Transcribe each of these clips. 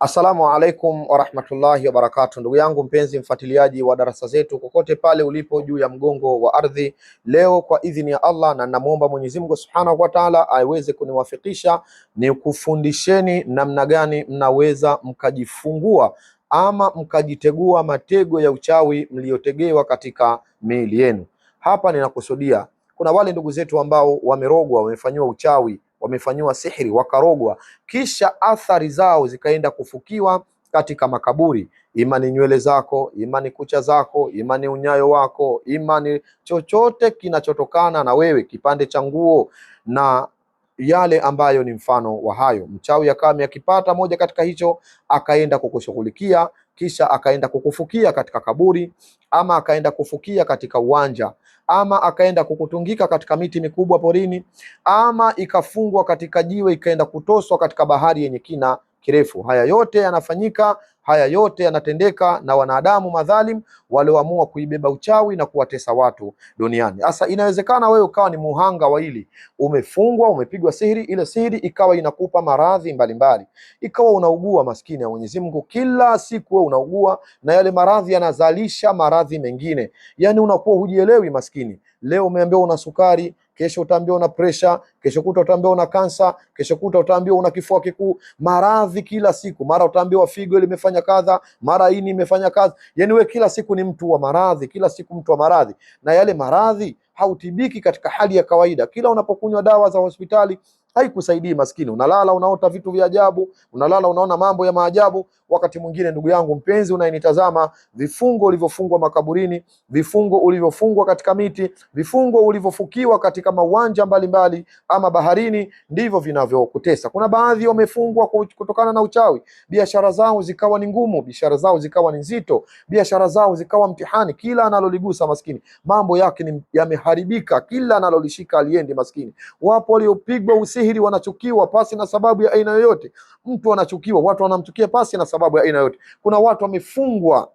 Assalamu alaikum warahmatullahi wabarakatu, ndugu yangu mpenzi mfuatiliaji wa darasa zetu kokote pale ulipo juu ya mgongo wa ardhi. Leo kwa idhini ya Allah, na namwomba Mwenyezi Mungu Subhanahu wa Ta'ala aweze kuniwafikisha ni kufundisheni namna gani mnaweza mkajifungua ama mkajitegua matego ya uchawi mliyotegewa katika miili yenu. Hapa ninakusudia kuna wale ndugu zetu ambao wamerogwa, wamefanyiwa uchawi wamefanyiwa sihiri wakarogwa, kisha athari zao zikaenda kufukiwa katika makaburi, ima ni nywele zako, ima ni kucha zako, ima ni unyayo wako, ima ni chochote kinachotokana na wewe, kipande cha nguo na yale ambayo ni mfano wa hayo. Mchawi akame akipata moja katika hicho, akaenda kukushughulikia, kisha akaenda kukufukia katika kaburi, ama akaenda kufukia katika uwanja ama akaenda kukutungika katika miti mikubwa porini, ama ikafungwa katika jiwe ikaenda kutoswa katika bahari yenye kina kirefu. Haya yote yanafanyika, haya yote yanatendeka na wanadamu madhalim walioamua kuibeba uchawi na kuwatesa watu duniani. Sasa inawezekana wewe ukawa ni muhanga wa hili, umefungwa, umepigwa sihiri, ile sihiri ikawa inakupa maradhi mbalimbali, ikawa unaugua, maskini ya Mwenyezi Mungu, kila siku wewe unaugua, na yale maradhi yanazalisha maradhi mengine, yani unakuwa hujielewi maskini. Leo umeambiwa una sukari kesho utaambiwa una presha, kesho kuta utaambiwa una kansa, kesho kuta utaambiwa una kifua kikuu, maradhi kila siku. Mara utaambiwa figo limefanya kadha, mara ini imefanya kadha. Yani wewe kila siku ni mtu wa maradhi, kila siku mtu wa maradhi, na yale maradhi hautibiki katika hali ya kawaida. Kila unapokunywa dawa za hospitali haikusaidii maskini. Unalala unaota vitu vya ajabu, unalala unaona mambo ya maajabu. Wakati mwingine, ndugu yangu mpenzi unayenitazama, vifungo ulivyofungwa makaburini, vifungo ulivyofungwa katika miti, vifungo ulivyofukiwa katika mauwanja mbalimbali ama baharini, ndivyo vinavyokutesa. Kuna baadhi wamefungwa kutokana na uchawi, biashara zao zikawa ni ngumu, biashara zao zikawa ni nzito, biashara zao zikawa mtihani. Kila analoligusa maskini mambo yake yameharibika, kila analolishika aliendi maskini. Wapo waliopigwa usi hili wanachukiwa pasi na sababu ya aina yoyote. Mtu anachukiwa, watu wanamchukia pasi na sababu ya aina yoyote. Kuna watu wamefungwa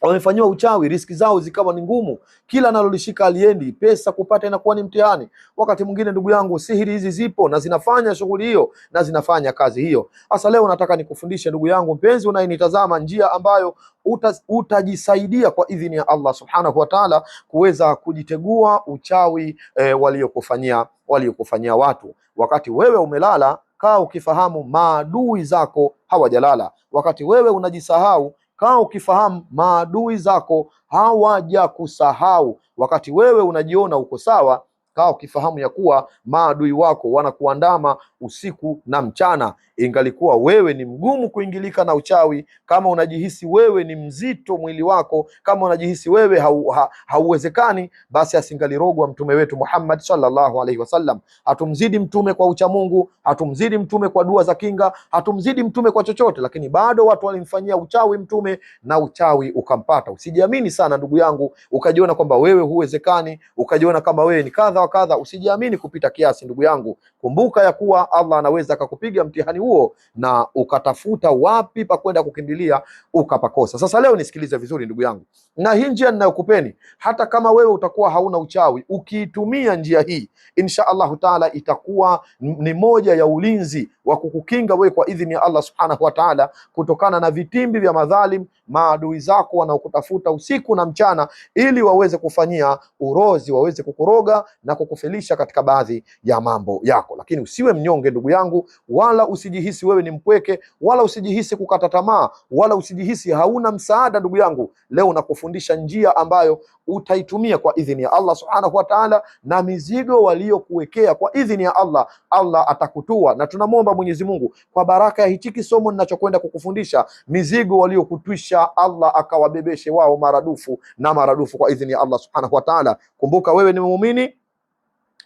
wamefanyiwa uchawi, riski zao zikawa ni ngumu, kila analolishika aliendi, pesa kupata inakuwa ni mtihani. Wakati mwingine, ndugu yangu, sihiri hizi zipo na zinafanya shughuli hiyo na zinafanya kazi hiyo. hasa leo nataka nikufundishe ndugu yangu mpenzi unayenitazama, njia ambayo uta, utajisaidia kwa idhini ya Allah subhanahu wa taala kuweza kujitegua uchawi e, waliokufanyia waliokufanyia watu wakati wewe umelala. Kaa ukifahamu maadui zako hawajalala, wakati wewe unajisahau kama ukifahamu maadui zako hawajakusahau, wakati wewe unajiona uko sawa, kaa ukifahamu ya kuwa maadui wako wanakuandama usiku na mchana. Ingalikuwa wewe ni mgumu kuingilika na uchawi, kama unajihisi wewe ni mzito mwili wako, kama unajihisi wewe hau, ha, hauwezekani, basi asingalirogwa mtume wetu Muhammad sallallahu alaihi wasallam. Hatumzidi mtume kwa ucha Mungu, hatumzidi mtume kwa dua za kinga, hatumzidi mtume kwa chochote, lakini bado watu walimfanyia uchawi mtume na uchawi ukampata. Usijiamini sana ndugu yangu, ukajiona kwamba wewe huwezekani, ukajiona kama wewe ni kadha kadha. Usijiamini kupita kiasi, ndugu yangu, kumbuka ya kuwa Allah anaweza akakupiga mtihani huo na ukatafuta wapi pa kwenda kukimbilia ukapakosa. Sasa leo nisikilize vizuri, ndugu yangu, na hii njia ninayokupeni, hata kama wewe utakuwa hauna uchawi, ukiitumia njia hii insha Allahu taala itakuwa ni moja ya ulinzi wa kukukinga wewe kwa idhini ya Allah subhanahu wa taala kutokana na vitimbi vya madhalim maadui zako wanaokutafuta usiku na mchana ili waweze kufanyia urozi, waweze kukuroga na kukufelisha katika baadhi ya mambo yako. Lakini usiwe mnyonge ndugu yangu, wala usijihisi wewe ni mpweke, wala usijihisi kukata tamaa, wala usijihisi hauna msaada. Ndugu yangu, leo nakufundisha njia ambayo utaitumia kwa idhini ya Allah subhanahu wa ta'ala, na mizigo waliokuwekea kwa idhini ya Allah, Allah atakutua. Na tunamwomba Mwenyezi Mungu kwa baraka ya hichi kisomo ninachokwenda kukufundisha, mizigo waliokutwisha Allah akawabebeshe wao maradufu na maradufu kwa idhini ya Allah subhanahu wa ta'ala. Kumbuka wewe ni muumini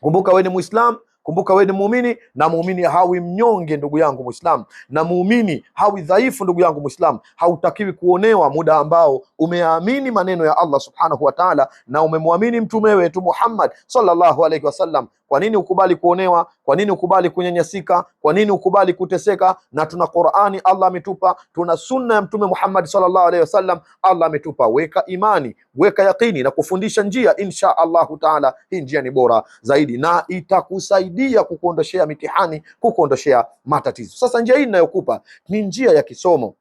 Kumbuka wewe ni Muislam, kumbuka wewe ni muumini, na muumini hawi mnyonge, ndugu yangu Muislam, na muumini hawi dhaifu, ndugu yangu Muislam. Hautakiwi kuonewa muda ambao umeamini maneno ya Allah subhanahu wa ta'ala, na umemwamini mtume wetu Muhammad sallallahu alaihi wasallam. Kwa nini ukubali kuonewa? Kwa nini ukubali kunyanyasika? Kwa nini ukubali kuteseka? Na tuna Qur'ani Allah ametupa, tuna sunna ya Mtume Muhammad sallallahu alaihi wasallam Allah ametupa. Weka imani, weka yaqini na kufundisha njia, insha Allahu taala hii njia ni bora zaidi na itakusaidia kukuondoshea mitihani, kukuondoshea matatizo. Sasa njia hii ninayokupa ni njia ya kisomo.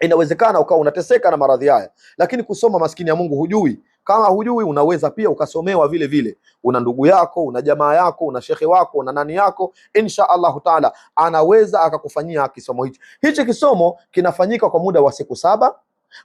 Inawezekana ukawa unateseka na maradhi haya, lakini kusoma, maskini ya Mungu, hujui kama hujui, unaweza pia ukasomewa vile vile. Una ndugu yako, una jamaa yako, una shekhe wako, una nani yako, insha Allahu taala anaweza akakufanyia kisomo hichi. Hichi kisomo kinafanyika kwa muda wa siku saba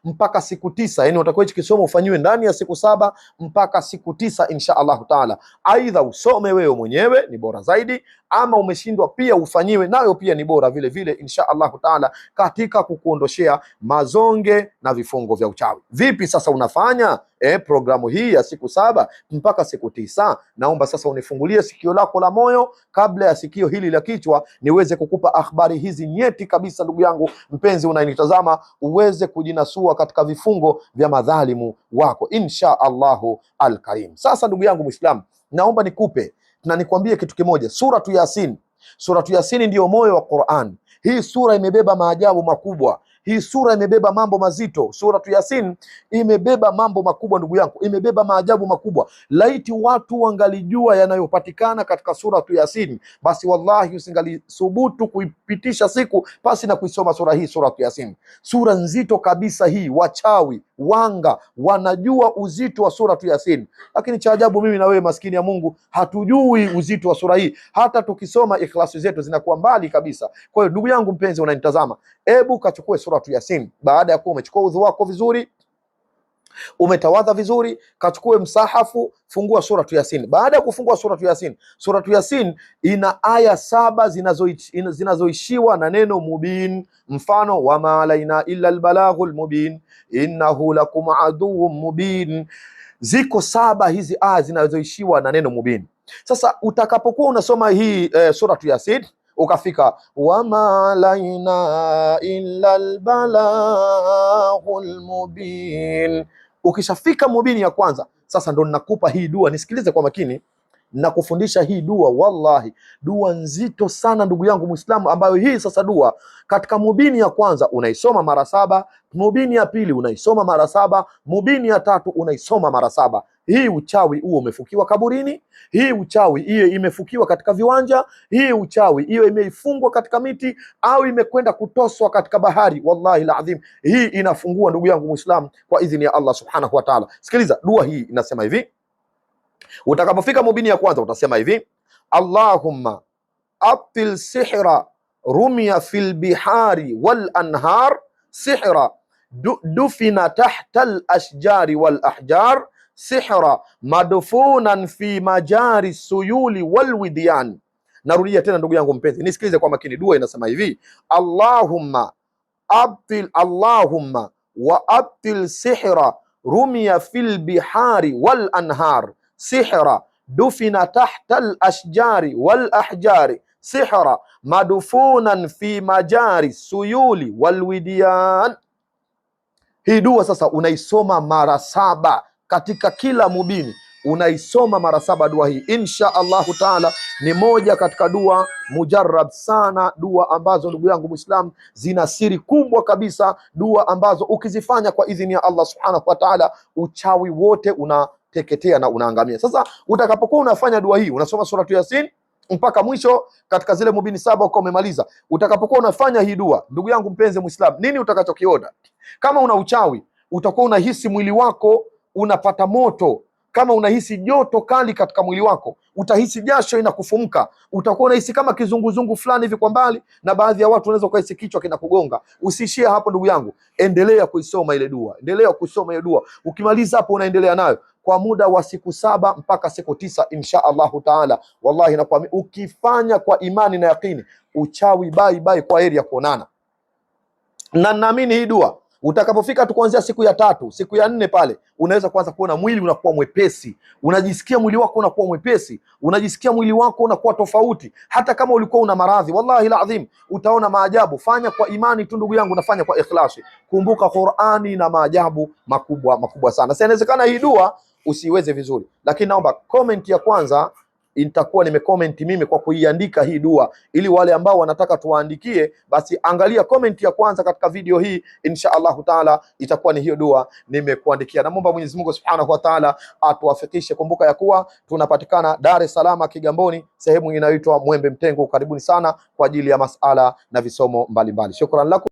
mpaka siku tisa, yani utakuwa hichi kisomo ufanyiwe ndani ya siku saba mpaka siku tisa insha Allahu taala. Aidha usome wewe mwenyewe ni bora zaidi, ama umeshindwa pia ufanyiwe nayo pia ni bora vile vile insha Allahu taala, katika kukuondoshea mazonge na vifungo vya uchawi. Vipi sasa unafanya eh, programu hii ya siku saba mpaka siku tisa. Naomba sasa unifungulie sikio lako la moyo kabla ya sikio hili la kichwa, niweze kukupa akhbari hizi nyeti kabisa. Ndugu yangu mpenzi unayenitazama, uweze kujinasua katika vifungo vya madhalimu wako insha Allahu alkarim. Sasa ndugu yangu Muislamu, naomba nikupe na nikwambie kitu kimoja, suratu Yasin. Suratu Yasini ndiyo moyo wa Qur'an. Hii sura imebeba maajabu makubwa hii sura imebeba mambo mazito. Suratu Yasin imebeba mambo makubwa, ndugu yangu, imebeba maajabu makubwa. Laiti watu wangalijua yanayopatikana katika Suratu Yasin, basi wallahi usingalisubutu kuipitisha siku pasi na kuisoma sura hii, Suratu Yasin. Sura nzito kabisa hii. Wachawi wanga wanajua uzito wa Suratu Yasin, lakini cha ajabu mimi na wewe maskini ya Mungu hatujui uzito wa sura hii. Hata tukisoma ikhlasi zetu zinakuwa mbali kabisa. Kwa hiyo ndugu yangu mpenzi, unanitazama, ebu kachukue suratu Yasin baada ya kuwa umechukua udhu wako vizuri umetawadha vizuri, kachukue msahafu, fungua suratu Yasin. Baada ya kufungua suratu Yasin, suratu Yasin ina aya saba zinazoishiwa na neno mubin, mfano wama alaina illa lbalaghul mubin innahu lakum aduwwun mubin. Ziko saba hizi aya zinazoishiwa na neno mubin. Sasa utakapokuwa unasoma hii e, eh, suratu Yasin ukafika wama alaina illa albalaghul mubin. Ukishafika mubini ya kwanza, sasa ndo ninakupa hii dua, nisikilize kwa makini na kufundisha hii dua. Wallahi, dua nzito sana ndugu yangu Muislamu, ambayo hii sasa dua katika mubini ya kwanza unaisoma mara saba, mubini ya pili unaisoma mara saba, mubini ya tatu unaisoma mara saba hii uchawi huo umefukiwa kaburini, hii uchawi hiyo imefukiwa katika viwanja, hii uchawi hiyo imeifungwa katika miti au imekwenda kutoswa katika bahari. Wallahi ladhim, hii inafungua ndugu yangu Muislamu kwa idhini ya Allah subhanahu wa taala. Sikiliza dua hii inasema hivi, utakapofika mubini ya kwanza utasema hivi, Allahumma abtil sihra rumya fil bihari wal anhar sihra dufina tahta al ashjari wal ahjar sihra madfunan fi majari suyuli walwidyan. Narudia tena ndugu yangu mpenzi, nisikilize kwa makini. Dua inasema hivi: Allahumma abtil, Allahumma wa abtil sihra rumiya fil bihari wal anhar sihra dufina tahta al ashjari wal ahjari sihra madfunan fi majari suyuli walwidyan. Hii dua sasa unaisoma mara saba katika kila mubini unaisoma mara saba dua hii, insha allahu taala. Ni moja katika dua mujarab sana, dua ambazo ndugu yangu Muislam zina siri kubwa kabisa, dua ambazo ukizifanya kwa idhini ya Allah subhanahu wa taala uchawi wote unateketea na unaangamia. Sasa utakapokuwa unafanya dua hii, unasoma suratu Yasin mpaka mwisho katika zile mubini saba uko umemaliza. Utakapokuwa unafanya hii dua, ndugu yangu mpenzi Muislam, nini utakachokiona? Kama una uchawi, utakuwa unahisi mwili wako unapata moto, kama unahisi joto kali katika mwili wako, utahisi jasho inakufumka, utakuwa unahisi kama kizunguzungu fulani hivi kwa mbali, na baadhi ya watu unaweza ukahisi kichwa kinakugonga. Usiishie hapo ndugu yangu, endelea kuisoma ile dua, endelea kuisoma ile dua. Ukimaliza hapo, unaendelea nayo kwa muda wa siku saba mpaka siku tisa insha Allahu taala. Wallahi nakwambia, ukifanya kwa imani na yakini, uchawi baibai, kwa heri ya kuonana. Na naamini hii dua Utakapofika tu kuanzia siku ya tatu, siku ya nne pale unaweza kuanza kuona mwili unakuwa mwepesi, unajisikia mwili wako unakuwa mwepesi, unajisikia mwili wako unakuwa tofauti, hata kama ulikuwa una maradhi. Wallahi alazim utaona maajabu. Fanya kwa imani tu ndugu yangu, nafanya kwa ikhlasi. Kumbuka Qur'ani na maajabu makubwa makubwa sana. Sasa inawezekana hii dua usiiweze vizuri, lakini naomba comment ya kwanza itakuwa nimecomment mimi kwa kuiandika hii dua, ili wale ambao wanataka tuwaandikie, basi angalia comment ya kwanza katika video hii, insha Allahu taala itakuwa ni hiyo dua nimekuandikia. Namwomba Mwenyezi Mungu Subhanahu wa Taala atuwafikishe. Kumbuka ya kuwa tunapatikana Dar es Salaam, Kigamboni, sehemu inayoitwa Mwembe Mtengo. Karibuni sana kwa ajili ya masala na visomo mbalimbali. Shukran lako.